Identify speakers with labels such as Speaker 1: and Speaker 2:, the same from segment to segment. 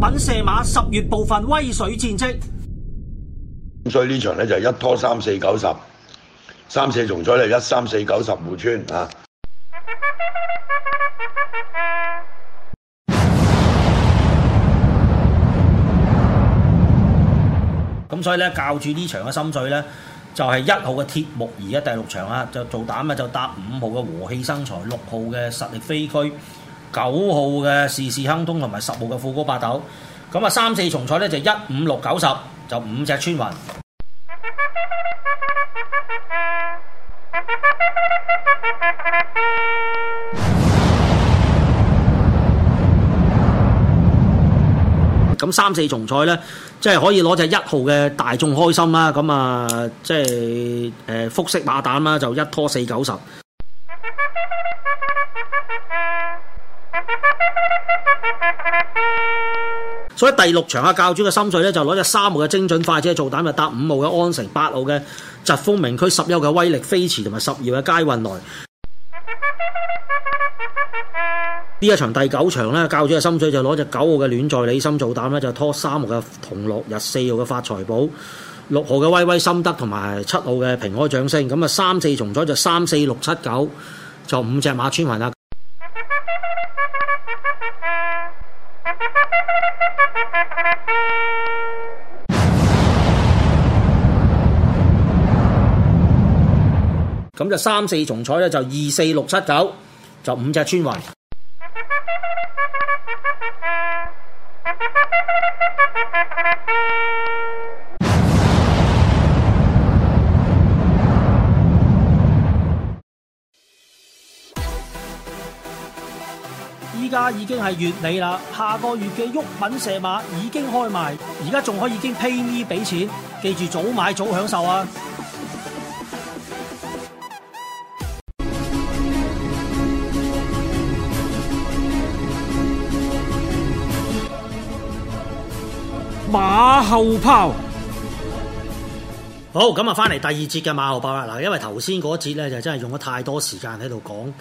Speaker 1: 品射馬十月部分威水戰
Speaker 2: 績，咁所以呢場咧就一拖三四九十，三四重彩咧一三四九十互村。啊！
Speaker 1: 咁、 嗯、所以咧教住呢場嘅心水咧，就係、是、一號嘅鐵木兒而家第六場啊，就做膽啊，就搭五號嘅和氣生財，六號嘅實力飛駒。九號嘅事事亨通同埋十號嘅富高八斗，咁啊三四重彩咧就一五六九十就五隻穿雲。咁三四重彩咧，即係可以攞隻一,一號嘅大眾開心啦，咁啊即係誒複式馬蛋啦，就一拖四九十。所以第六場啊，教主嘅心水咧就攞隻三號嘅精準快車做膽，就搭五號嘅安城、八號嘅疾風明區、十一號嘅威力飛馳同埋十二號嘅佳運來。呢一場第九場咧，教主嘅心水就攞隻九號嘅戀在你心做膽咧，就拖三號嘅同樂日、四號嘅發財寶、六號嘅威威心得同埋七號嘅平開掌聲。咁啊，三四重彩，就三四六七九，就五隻馬穿雲啊！就三四重彩咧，就二四六七九，就五隻村圍。依家已經係月尾啦，下個月嘅毓民射馬已經開賣，而家仲可以經 pay me 俾錢，記住早買早享受啊！馬後炮，好，咁啊！翻嚟，第二節嘅馬後炮啦，嗱，因為頭先嗰節咧就真係用咗太多時間喺度講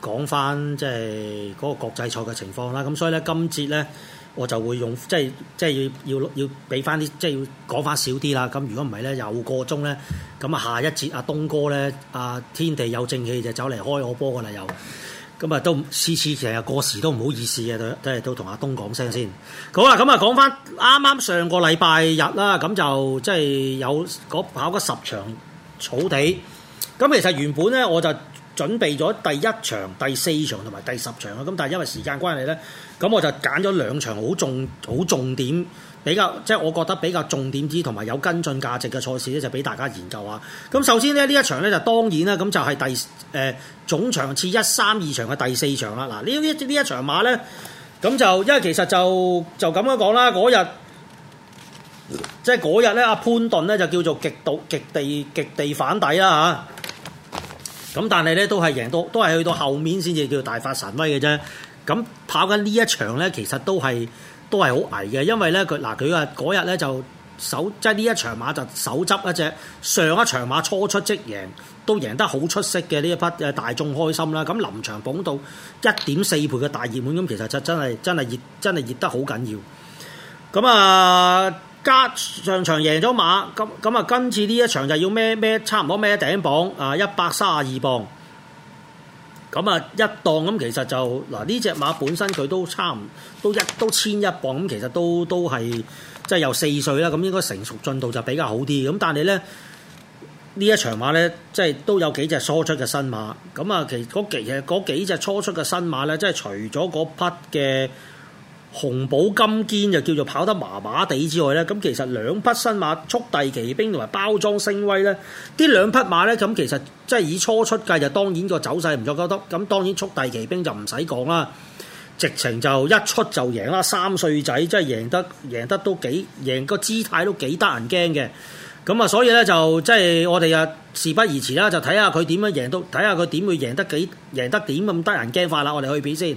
Speaker 1: 講翻，即係嗰個國際賽嘅情況啦。咁所以咧今節咧我就會用，即係即係要要要俾翻啲，即係要講翻少啲啦。咁如果唔係咧又個鐘咧，咁啊下一節阿東哥咧，阿天地有正氣就走嚟開我波噶啦又。咁啊，都次次成日過時都唔好意思嘅，都都係都同阿東講聲先。好啦，咁啊講翻啱啱上個禮拜日啦，咁就即係有跑嗰十場草地。咁其實原本咧，我就準備咗第一場、第四場同埋第十場啊。咁但係因為時間關係咧，咁我就揀咗兩場好重好重點。比較即係、就是、我覺得比較重點啲同埋有跟進價值嘅賽事咧，就俾大家研究下。咁首先咧，呢一場咧就當然啦，咁就係第誒、呃、總場次一三二場嘅第四場啦。嗱，呢呢一，一場馬咧，咁就因為其實就就咁樣講啦，嗰日即係嗰日咧，阿潘頓咧就叫做極度極地極地反底啦嚇。咁、啊、但係咧都係贏到，都係去到後面先至叫做大發神威嘅啫。咁跑緊呢一場咧，其實都係。都係好危嘅，因為咧佢，嗱佢啊嗰日咧就手即係呢一場馬就手執一隻上一場馬初出即贏，都贏得好出色嘅，呢一匹誒大眾開心啦。咁臨場捧到一點四倍嘅大熱門，咁其實就真係真係熱真係熱得好緊要。咁啊加上場贏咗馬咁咁啊，今次呢一場就要咩咩差唔多咩頂磅，啊一百三十二磅。咁啊，一檔咁其實就嗱，呢隻馬本身佢都差唔多，都一都千一磅咁，其實都都係即係由四歲啦，咁應該成熟進度就比較好啲。咁但係咧，呢一場馬咧，即係都有幾隻初出嘅新馬。咁啊，其實嗰幾，幾隻初出嘅新馬咧，即係除咗嗰匹嘅。紅寶金堅就叫做跑得麻麻地之外呢，咁其實兩匹新馬速遞奇兵同埋包裝升威呢，呢兩匹馬呢，咁其實即係以初出計就當然個走勢唔夠交得，咁當然速遞奇兵就唔使講啦，直情就一出就贏啦，三歲仔即係贏得贏得都幾贏個姿態都幾得人驚嘅，咁啊所以呢，就即係我哋啊事不宜遲啦，就睇下佢點樣贏到，睇下佢點會贏得幾贏得點咁得人驚㗎啦，我哋去片先。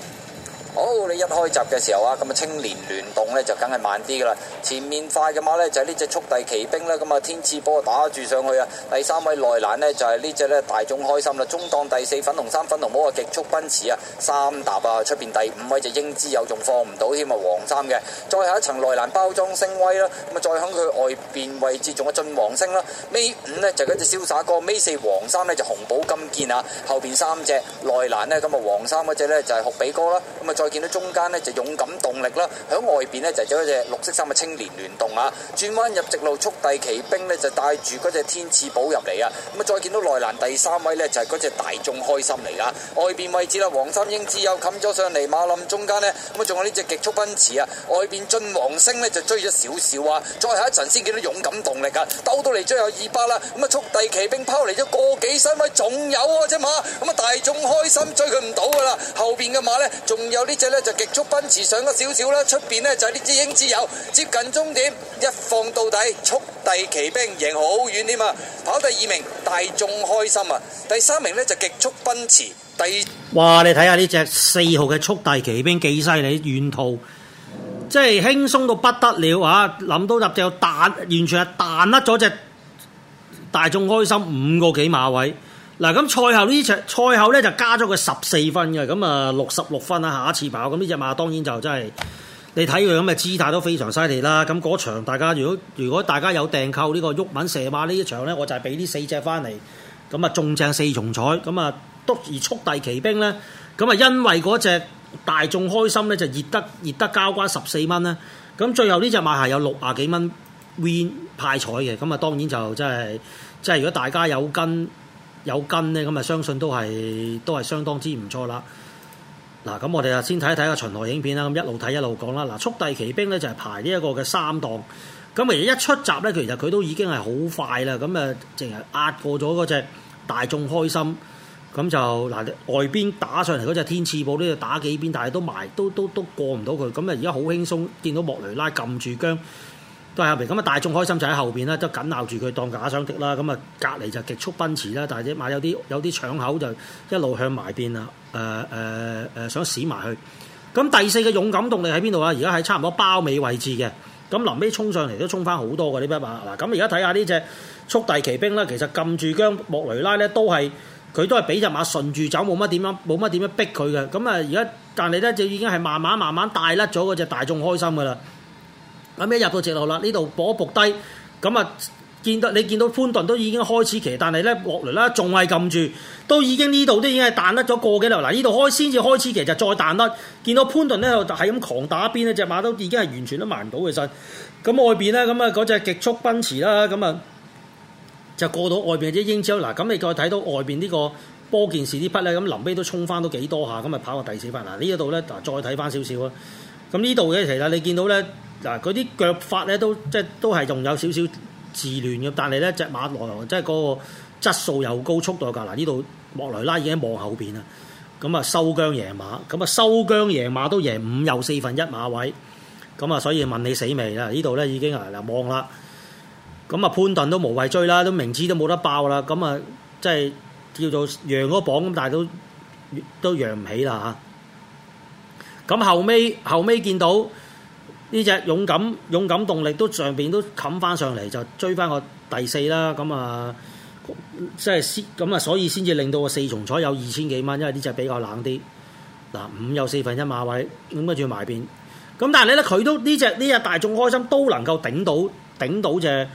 Speaker 2: 好，oh, 你一開閘嘅時候啊，咁啊青年聯動呢就梗係慢啲㗎喇。前面快嘅馬呢就係呢隻速遞奇兵啦，咁啊天賜波打住上去啊。第三位內欄呢就係呢隻呢，就是、隻大眾開心啦。中檔第四粉紅衫粉紅帽啊，極速奔馳啊，三搭啊出邊第五位就英姿有仲放唔到添啊黃衫嘅。再下一層內欄包裝升威啦，咁啊再響佢外邊位置仲有駿皇星啦。尾五呢就嗰隻瀟灑哥，尾四黃衫呢就紅寶金劍啊。後邊三隻內欄呢，咁啊黃衫嗰隻呢就係、是、酷比哥啦，咁啊。再見到中間咧就勇敢動力啦，喺外邊咧就有嗰隻綠色衫嘅青年聯動啊，轉彎入直路速遞騎兵咧就帶住嗰隻天賜寶入嚟啊，咁啊再見到內欄第三位咧就係嗰隻大眾開心嚟噶，外邊位置啦黃三英只有冚咗上嚟，馬林中間咧咁啊仲有呢隻極速奔馳啊，外邊駿皇星咧就追咗少少啊，再下一層先見到勇敢動力啊，兜到嚟最後二百啦，咁啊速遞騎兵拋嚟咗個幾身位，仲有啊隻馬，咁啊大眾開心追佢唔到噶啦，後邊嘅馬咧仲有。呢隻呢就極速奔馳上咗少少啦，出邊呢就係啲知英之友，接近終點，一放到底，速遞騎兵贏好遠添啊！跑第二名大眾開心啊，第三名呢就極速奔馳。第
Speaker 1: 哇，你睇下呢隻四號嘅速遞騎兵幾犀利，沿途即係輕鬆到不得了啊！諗到入就彈，完全係彈甩咗隻大眾開心五個幾馬位。嗱咁賽，賽後呢隻賽後咧就加咗佢十四分嘅，咁啊六十六分啊，下一次跑，咁呢隻馬當然就真係你睇佢咁嘅姿態都非常犀利啦。咁嗰場大家如果如果大家有訂購呢個毓民射馬呢一場咧，我就係俾呢四隻返嚟，咁啊中正四重彩，咁啊督而速遞奇兵咧，咁啊因為嗰隻大眾開心咧就熱得熱得交關十四蚊啦，咁最後呢隻馬係有六啊幾蚊 Win 派彩嘅，咁啊當然就真係即係如果大家有跟。有根呢，咁啊相信都係都係相當之唔錯啦。嗱，咁我哋啊先睇一睇個巡邏影片啦，咁一路睇一路講啦。嗱，速遞奇兵咧就係排呢一個嘅三檔，咁而一出閘咧，其實佢都已經係好快啦。咁啊，淨係壓過咗嗰隻大眾開心，咁就嗱，外邊打上嚟嗰隻天賜寶呢，要打幾邊，但係都埋都都都過唔到佢。咁啊而家好輕鬆，見到莫雷拉撳住姜。都喺後邊，咁啊，大眾開心就喺後邊啦，都緊咬住佢當假想敵啦。咁啊，隔離就極速奔馳啦，但係啲馬有啲有啲搶口就一路向埋邊啦。誒誒誒，想屎埋去。咁第四個勇敢動力喺邊度啊？而家喺差唔多包尾位置嘅。咁臨尾衝上嚟都衝翻好多嘅呢匹馬。嗱，咁而家睇下呢隻速遞騎兵啦，其實撳住姜莫雷拉咧，都係佢都係俾隻馬順住走，冇乜點樣，冇乜點樣逼佢嘅。咁啊，而家但係咧就已經係慢慢慢慢大甩咗嗰隻大眾開心嘅啦。咁一入到直路啦？呢度搏一搏低，咁啊，見到你見到潘頓都已經開始騎，但係咧落雷啦，仲係撳住，都已經呢度都已經係彈甩咗個幾輪。嗱，呢度開先至開始騎就再彈甩。見到潘頓咧就係咁狂打邊咧，隻馬都已經係完全都埋唔到嘅身。咁外邊咧，咁啊嗰隻極速奔馳啦，咁啊就，就過到外邊隻英超嗱。咁你再睇到外邊、這個、呢個波健士啲匹咧，咁臨尾都衝翻都幾多下，咁啊跑個第四匹嗱。呢度咧嗱，再睇翻少少啊。咁呢度嘅其實你見到咧。嗱，啲腳法咧都即係都係仲有少少自亂嘅，但係咧隻馬來即係嗰個質素又高，速度㗎。嗱，呢度莫雷拉已經望後邊啦。咁啊，收韁贏馬，咁啊收韁贏馬都贏五又四分一馬位。咁啊，所以問你死未啦？呢度咧已經啊嗱望啦。咁啊，潘頓都無謂追啦，都明知都冇得爆啦。咁啊，即係叫做揚嗰榜，咁但係都都揚唔起啦嚇。咁後尾後尾見到。呢隻勇敢勇敢動力都上邊都冚翻上嚟，就追翻個第四啦。咁啊，即係先咁啊，所以先至令到個四重彩有二千幾蚊，因為呢隻比較冷啲。嗱，五有四分一馬位咁跟住埋邊咁，但係你咧佢都呢隻呢隻大眾開心都能夠頂到頂到隻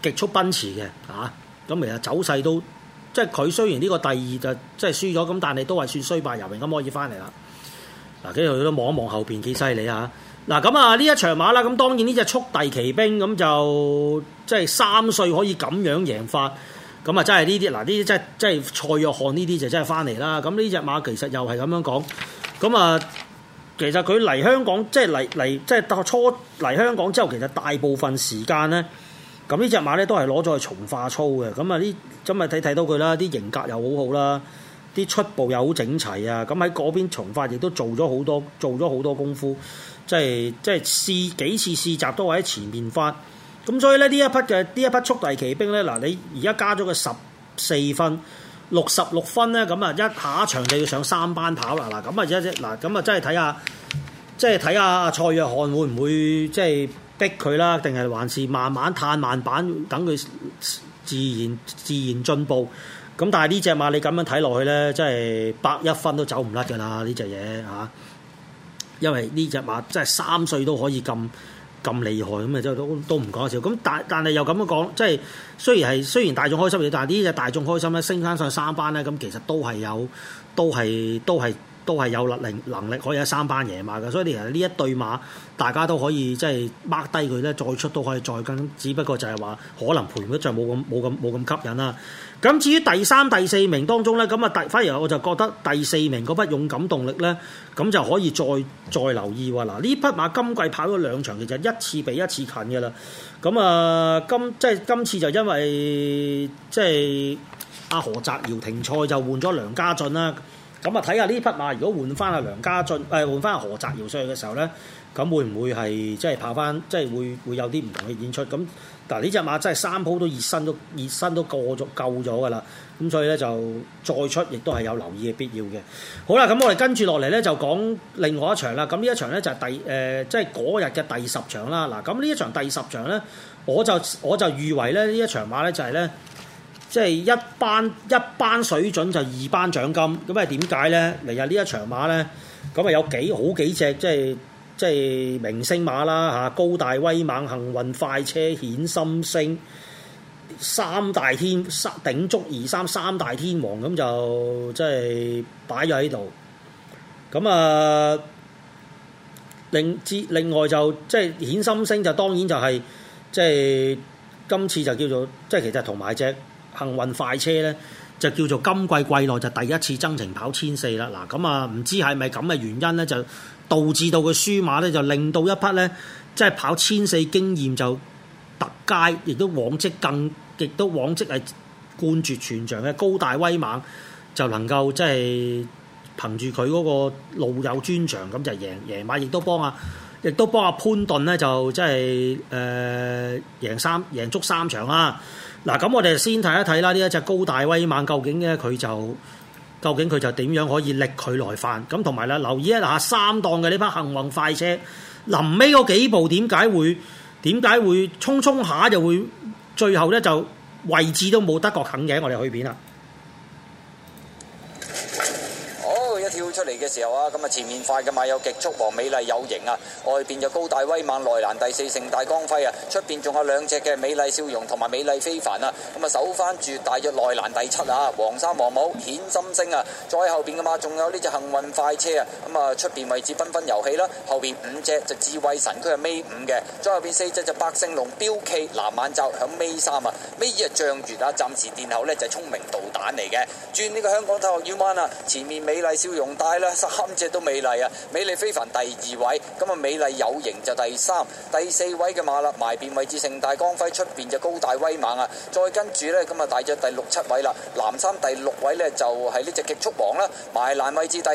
Speaker 1: 極速奔馳嘅嚇。咁其實走勢都即係佢雖然呢個第二就即係輸咗，咁但係都係算衰敗猶榮咁可以翻嚟啦。嗱，跟住佢都望一望後邊幾犀利啊。嗱，咁啊，呢一場馬啦，咁當然呢隻速遞奇兵咁就即係三歲可以咁樣贏法，咁啊真係呢啲嗱，呢啲真係即係蔡約翰呢啲就真係翻嚟啦。咁呢隻馬其實又係咁樣講，咁啊，其實佢嚟香港即係嚟嚟即係初嚟香港之後，其實大部分時間咧，咁呢隻馬咧都係攞咗去從化操嘅。咁啊，呢咁咪睇睇到佢啦，啲型格又好好啦，啲出步又好整齊啊。咁喺嗰邊從化亦都做咗好多做咗好多功夫。即係即係試幾次試閘都喺前面發，咁所以咧呢一匹嘅呢一匹速遞奇兵咧嗱，你而家加咗個十四分六十六分咧，咁啊一下場就要上三班跑啦嗱，咁啊即係嗱，咁啊真係睇下即係睇下蔡約翰會唔會即係、就是、逼佢啦，定係還是慢慢嘆慢板等佢自然自然進步？咁但係呢隻馬你咁樣睇落去咧，即、就、係、是、百一分都走唔甩㗎啦呢隻嘢嚇。這個因為呢隻馬真係三歲都可以咁咁厲害，咁啊真係都都唔講笑。咁但但係又咁樣講，即係雖然係雖然大眾開心嘅，但係呢隻大眾開心咧，升翻上三班咧，咁其實都係有都係都係都係有能力可以喺三班贏馬嘅。所以其實呢一對馬，大家都可以即係 mark 低佢咧，再出都可以再跟，只不過就係話可能賠率就冇咁冇咁冇咁吸引啦。咁至於第三、第四名當中咧，咁啊第，反而我就覺得第四名嗰匹勇敢動力咧，咁就可以再再留意喎。嗱，呢匹馬今季跑咗兩場，其實一次比一次近嘅啦。咁、嗯、啊，今即係今次就因為即係阿何澤堯停賽，就換咗梁家俊啦。咁啊，睇下呢匹馬如果換翻阿梁家俊，誒換翻阿何澤堯上去嘅時候咧，咁會唔會係即係跑翻，即係會會有啲唔同嘅演出咁？嗱，呢隻、啊、馬真係三鋪都熱身都熱身都過咗夠咗㗎啦，咁所以咧就再出亦都係有留意嘅必要嘅。好啦，咁我哋跟住落嚟咧就講另外一場啦。咁呢一場咧就係、是、第誒即係嗰日嘅第十場啦。嗱，咁呢一場第十場咧，我就我就預為咧呢一場馬咧就係咧即係一班一班水準就是、二班獎金。咁係點解咧？嚟日呢一場馬咧，咁啊有幾好幾隻即係。就是即係明星馬啦嚇，高大威猛，幸運快車顯心聲，三大天頂而三頂足二三三大天王，咁就即係擺咗喺度。咁啊，另之另外就即係顯心聲就當然就係、是、即係今次就叫做即係其實同埋隻幸運快車咧。就叫做今季季內就第一次增程跑千四啦，嗱咁啊唔知係咪咁嘅原因咧，就導致到佢輸馬咧，就令到一匹咧，即係跑千四經驗就特佳，亦都往績更，亦都往績係冠絕全場嘅高大威猛，就能夠即係、就是、憑住佢嗰個路有專長，咁就贏贏馬，亦都幫啊，亦都幫阿、啊、潘頓咧就即係誒贏三贏足三場啦、啊。嗱，咁我哋先睇一睇啦，呢一隻高大威猛究竟咧，佢就究竟佢就點樣可以力佢來犯，咁同埋咧，留意一下三檔嘅呢匹幸運快車臨尾嗰幾步點解會點解會衝衝下就會最後咧就位置都冇得過近嘅，我哋去片啊。
Speaker 2: 好、哦，出嚟嘅時候啊，咁啊前面快嘅馬有極速和美麗有型啊，外邊就高大威猛，內欄第四盛大光輝啊，出邊仲有兩隻嘅美麗笑容同埋美麗非凡啊，咁啊守翻住大約內欄第七啊，黃山黃帽顯心聲啊，再後邊嘅馬仲有呢隻幸運快車啊，咁啊出邊位置繽紛遊戲啦，後邊五隻就智慧神，佢係尾五嘅，再後邊四隻就百勝龍標 K 藍眼罩響尾三啊，尾二啊，象月啊暫時墊後呢就聰明導彈嚟嘅，轉呢個香港體育學院彎啊，前面美麗笑容。大啦，十三隻都美麗啊！美麗非凡第二位，咁啊美麗有型就第三、第四位嘅馬啦，埋邊位置盛大光輝，出邊就高大威猛啊！再跟住呢，咁啊大咗第六七位啦，藍衫第六位呢，就係呢隻極速王啦，埋欄位置第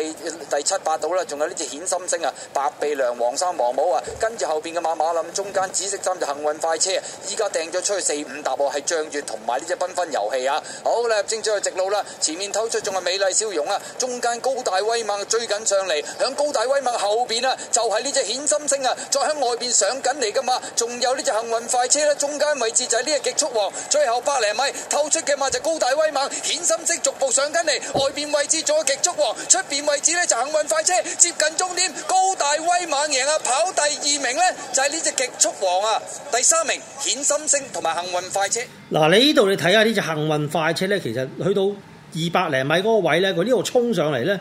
Speaker 2: 第七八度啦，仲有呢隻顯心星啊，白鼻梁黃衫黃帽啊，跟住後邊嘅馬馬冧，中間紫色衫就幸運快車，依家掟咗出去四五笪喎，係漲月同埋呢隻繽紛遊戲啊！好啦，正咗去直路啦，前面透出仲係美麗笑容啊，中間高大威。威猛追緊上嚟，響高大威猛後邊啊，就係呢隻顯心星啊，再向外邊上緊嚟噶嘛，仲有呢隻幸運快車咧，中間位置就係呢隻極速王，最後百零米透出嘅嘛就高大威猛，顯心星逐步上緊嚟，外邊位置左極速王，出邊位置咧就幸運快車接近終點，高大威猛贏啊，跑第二名咧就係呢隻極速王啊，第三名顯心星同埋幸運快車。
Speaker 1: 嗱，你呢度你睇下呢隻幸運快車咧，其實去到二百零米嗰個位咧，佢呢度衝上嚟咧。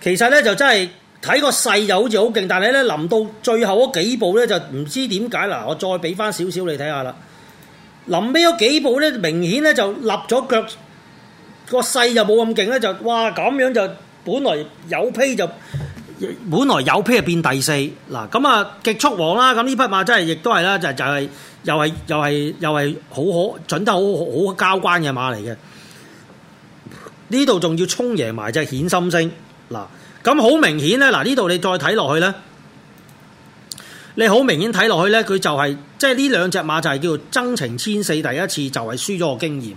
Speaker 1: 其實呢，就真係睇個勢就好似好勁，但係呢，臨到最後嗰幾步呢，就唔知點解啦。我再畀翻少少你睇下啦，臨尾嗰幾步呢，明顯呢，就立咗腳，個勢就冇咁勁呢，就哇，咁樣就本來有胚就，本來有胚就，就變第四。嗱，咁啊極速王啦，咁呢匹馬真係亦都係啦，就、就係、係又係又係又係好可準得好好交關嘅馬嚟嘅，呢度仲要衝贏埋隻顯心星。嗱，咁好明顯咧，嗱呢度你再睇落去咧，你好明顯睇落去咧，佢就係、是、即係呢兩隻馬就係叫做增程千四，第一次就係輸咗個經驗。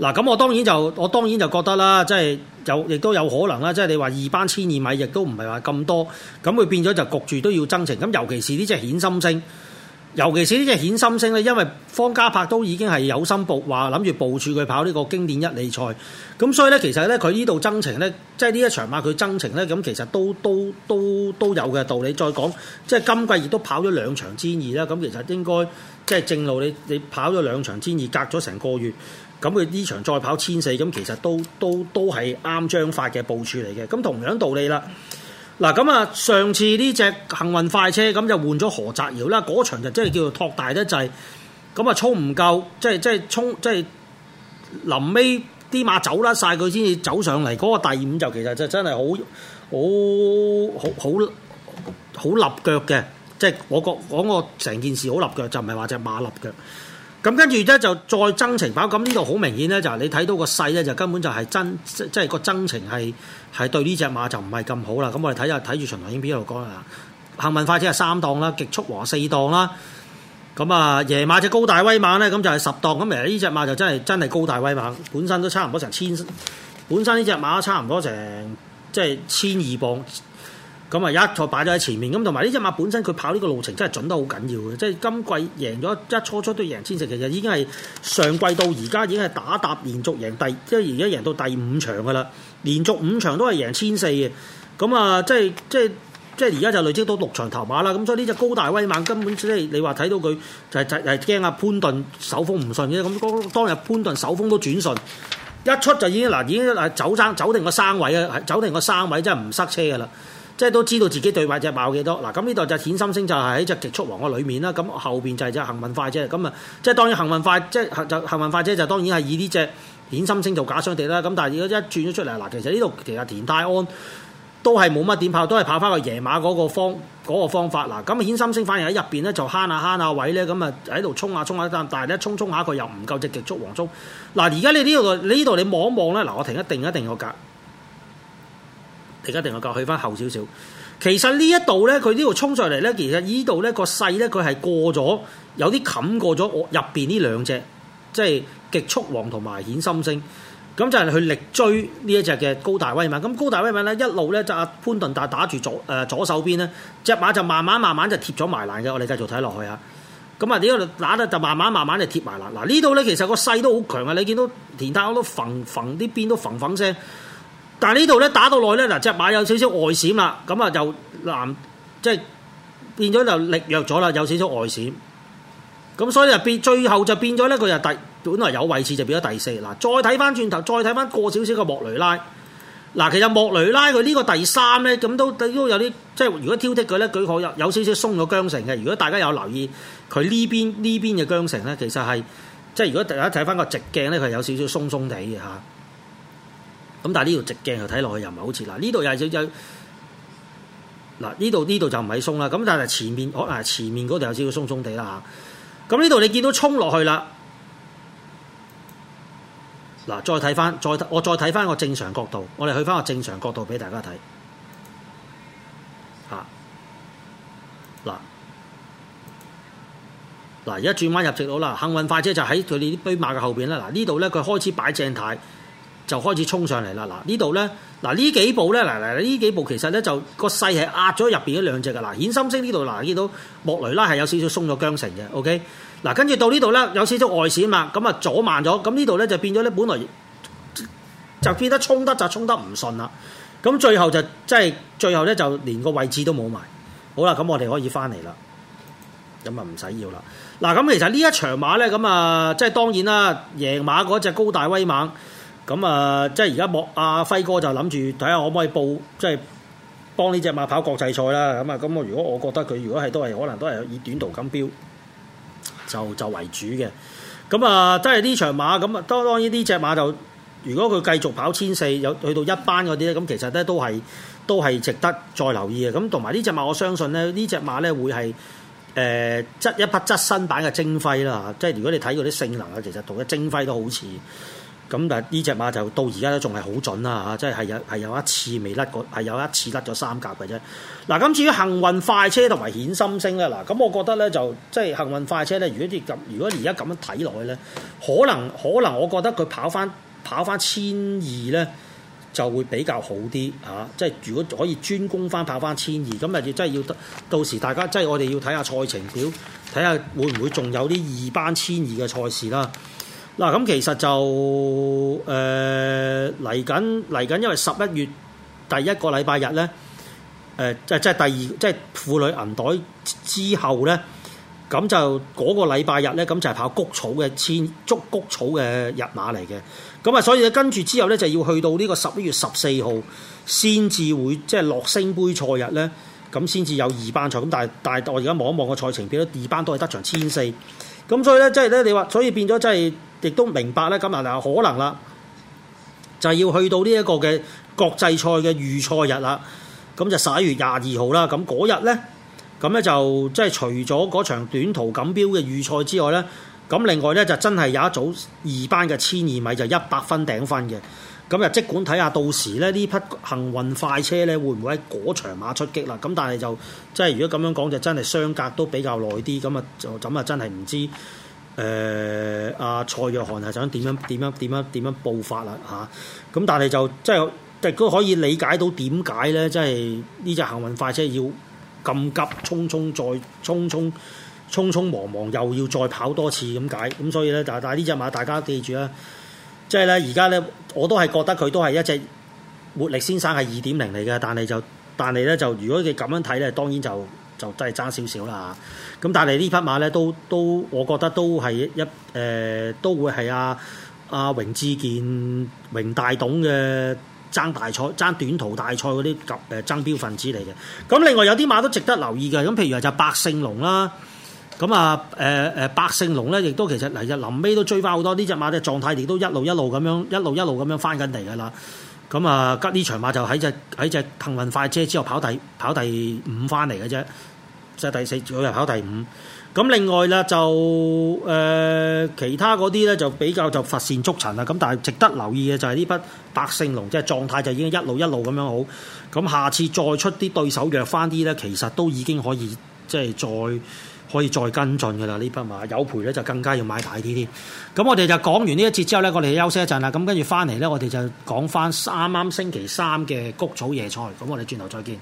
Speaker 1: 嗱，咁我當然就我當然就覺得啦，即係有亦都有可能啦，即係你話二班千二米亦都唔係話咁多，咁佢變咗就焗住都要增程。咁尤其是呢隻顯心星。尤其是呢隻顯心聲咧，因為方嘉柏都已經係有心步話，諗住部署佢跑呢個經典一哩賽，咁所以咧，其實咧佢呢度增程咧，即係呢一場馬佢增程咧，咁其實都都都都有嘅道理。再講，即係今季亦都跑咗兩場千二啦，咁其實應該即係正路你，你你跑咗兩場千二，隔咗成個月，咁佢呢場再跑千四，咁其實都都都係啱章法嘅部署嚟嘅，咁同樣道理啦。嗱咁啊，上次呢隻幸運快車咁就換咗何澤堯啦，嗰場就真係叫做托大得滯，咁啊衝唔夠，即係即係衝即係臨尾啲馬走甩晒。佢先至走上嚟，嗰、那個第五就其實就真係好好好好好立腳嘅，即、就、係、是、我覺嗰個成件事好立腳，就唔係話隻馬立腳。咁跟住咧就再增程。跑，咁呢度好明顯咧就係、是、你睇到個勢咧就根本就係真，即係、就是、個增程係係對呢隻馬就唔係咁好啦。咁我哋睇下睇住循環影片一路講啦。幸運快車係三檔啦，極速和四檔啦。咁啊，夜馬隻高大威猛咧，咁就係十檔。咁其實呢隻馬就真係真係高大威猛，本身都差唔多成千，本身呢隻馬差唔多成即係千二磅。咁啊，一錯擺咗喺前面咁，同埋呢隻馬本身佢跑呢個路程真係準得好緊要嘅，即係今季贏咗一，初初都贏千四，其實已經係上季到而家已經係打搭連續贏第即係而家贏到第五場噶啦，連續五場都係贏千四嘅。咁啊，即係即係即係而家就累積到六場頭馬啦。咁所以呢隻高大威猛根本即係你話睇到佢就係就係驚阿潘頓手風唔順嘅咁。當日潘頓手風都轉順，一出就已經嗱已經係走生走定個三位啊，走定個三位真係唔塞車噶啦。即係都知道自己對位隻馬有幾多嗱，咁呢度就係顯心星就係喺隻極速王個裏面啦，咁後邊就係隻幸運快啫，咁啊，即係當然幸運快，即係就幸運快啫，就當然係以呢隻顯心星做假想敵啦。咁但係如果一轉咗出嚟嗱，其實呢度其實田泰安都係冇乜點跑，都係跑翻個野馬嗰個方嗰個方法嗱。咁顯心星反而喺入邊咧就慳下慳下位咧，咁啊喺度衝下衝下但係一衝衝下佢又唔夠隻極速王衝嗱。而家你呢度你呢度你望一望咧嗱，我停一定一定個價。點點其而家一定我夠去翻後少少，其實呢一度咧，佢呢度衝上嚟咧，其實呢度咧個勢咧，佢係過咗有啲冚過咗我入邊呢兩隻，即係極速王同埋顯心星，咁就係去力追呢一隻嘅高大威猛。咁高大威猛咧，一路咧就阿潘頓打打住左誒、呃、左手邊咧，隻馬就慢慢慢慢就貼咗埋欄嘅。我哋繼續睇落去嚇，咁啊呢個打得就慢慢慢慢就貼埋欄。嗱呢度咧其實個勢都好強啊！你見到田太我都揈揈啲邊都揈揈聲。但係呢度咧打到耐咧，嗱隻馬有少少外閃啦，咁啊就難，即係變咗就力弱咗啦，有少少外閃。咁所以就變，最後就變咗咧，佢就第本嚟有位置就變咗第四。嗱，再睇翻轉頭，再睇翻過少少嘅莫雷拉。嗱，其實莫雷拉佢呢個第三咧，咁都都有啲即係如果挑剔佢咧，佢可有有少少鬆咗韁繩嘅。如果大家有留意佢呢邊呢邊嘅韁繩咧，其實係即係如果大家睇翻個直鏡咧，佢係有少少鬆鬆地嘅吓。咁但係呢度直鏡又睇落去又唔係好似，嗱呢度又少，嗱呢度呢度就唔係鬆啦，咁但係前面可能前面嗰度有少少鬆鬆地啦吓，咁呢度你見到衝落去啦，嗱、啊、再睇翻再我再睇翻個正常角度，我哋去翻個正常角度俾大家睇嚇嗱嗱而家轉彎入直路啦，幸運快車就喺佢哋啲堆馬嘅後邊啦。嗱、啊、呢度咧佢開始擺正軚。就開始衝上嚟啦！嗱，呢度咧，嗱呢幾步咧，嗱嗱呢幾步其實咧就個勢係壓咗入邊嗰兩隻嘅。嗱，顯深色呢度嗱，見到莫雷拉係有少少鬆咗韁繩嘅。OK，嗱跟住到呢度咧，有少少外線嘛，咁啊阻慢咗，咁呢度咧就變咗咧，本來就變得衝得就衝得唔順啦。咁最後就即係最後咧，就連個位置都冇埋。好啦，咁我哋可以翻嚟啦。咁啊唔使要啦。嗱，咁其實呢一場馬咧，咁啊即係當然啦，贏馬嗰隻高大威猛。咁啊，即係而家莫阿輝哥就諗住睇下可唔可以報，即係幫呢隻馬跑國際賽啦。咁啊，咁我如果我覺得佢如果係都係可能都係以短途金標，就就為主嘅。咁啊，即係呢場馬咁啊，當當然呢隻馬就如果佢繼續跑千四有去到一班嗰啲咧，咁其實咧都係都係值得再留意嘅。咁同埋呢隻馬，我相信咧呢隻馬咧會係誒質一匹質新版嘅精輝啦。即係如果你睇嗰啲性能啊，其實同嘅精輝都好似。咁但呢隻馬就到而家都仲係好準啦吓，即係係有係有一次未甩過，係有一次甩咗三甲嘅啫。嗱，咁至於幸運快車同埋顯心星咧，嗱，咁我覺得咧就即係幸運快車咧，如果你咁，如果而家咁樣睇落去咧，可能可能我覺得佢跑翻跑翻千二咧就會比較好啲吓，即係如果可以專攻翻跑翻千二，咁咪真係要到時大家即係我哋要睇下賽程表，睇下會唔會仲有啲二班千二嘅賽事啦。嗱，咁其實就誒嚟緊嚟緊，因為十一月第一個禮拜日咧，誒、呃、即即係第二即係婦女銀袋之後咧，咁就嗰個禮拜日咧，咁就係、是、跑谷草嘅千足谷草嘅日馬嚟嘅。咁啊，所以咧跟住之後咧，就要去到呢個十一月十四號先至會即係落星杯賽日咧，咁先至有二班賽。咁但係但係我而家望一望個賽程表咧，二班都係得場千四。咁所以咧，即係咧，你話所以變咗即係。亦都明白咧，今日就可能啦，就要去到呢一個嘅國際賽嘅預賽日啦。咁就十一月廿二號啦。咁嗰日呢，咁咧就即係除咗嗰場短途錦標嘅預賽之外呢，咁另外呢就真係有一組二班嘅千二米就一百分頂分嘅。咁又即管睇下到時呢，呢匹幸運快車呢會唔會喺嗰場馬出擊啦？咁但係就即係如果咁樣講，就真係相隔都比較耐啲。咁啊就咁啊真係唔知。誒阿、呃、蔡若翰係想點樣點樣點樣點樣步伐啦嚇，咁、啊、但係就即係都可以理解到點解咧，即係呢隻行運快車要咁急匆匆再匆匆匆匆忙忙又要再跑多次咁解，咁所以咧，但係呢隻馬大家記住啦，即係咧而家咧我都係覺得佢都係一隻活力先生係二點零嚟嘅，但係就但係咧就如果你咁樣睇咧，當然就。就真係爭少少啦，咁但係呢匹馬咧都都，都我覺得都係一誒，都會係阿阿榮志健、榮大董嘅爭大賽、爭短途大賽嗰啲誒爭標分子嚟嘅。咁另外有啲馬都值得留意嘅，咁譬如話就係百勝龍啦，咁啊誒誒百勝龍咧，亦都其實嚟日臨尾都追翻好多呢隻馬嘅狀態，亦都一路一路咁樣一路一路咁樣翻緊嚟噶啦。咁、嗯、啊，吉、嗯、呢場馬就喺隻喺隻幸運快車之後跑第跑第五翻嚟嘅啫。即係第四，我又考第五。咁另外啦，就誒、呃、其他嗰啲咧，就比較就乏善足陳啦。咁但係值得留意嘅就係呢匹百勝龍，即係狀態就已經一路一路咁樣好。咁下次再出啲對手弱翻啲咧，其實都已經可以即係再可以再跟進嘅啦。呢匹馬有賠咧，就更加要買大啲啲。咁我哋就講完呢一節之後咧，我哋休息一陣啦。咁跟住翻嚟咧，我哋就講翻三啱星期三嘅谷草野菜。咁我哋轉頭再見。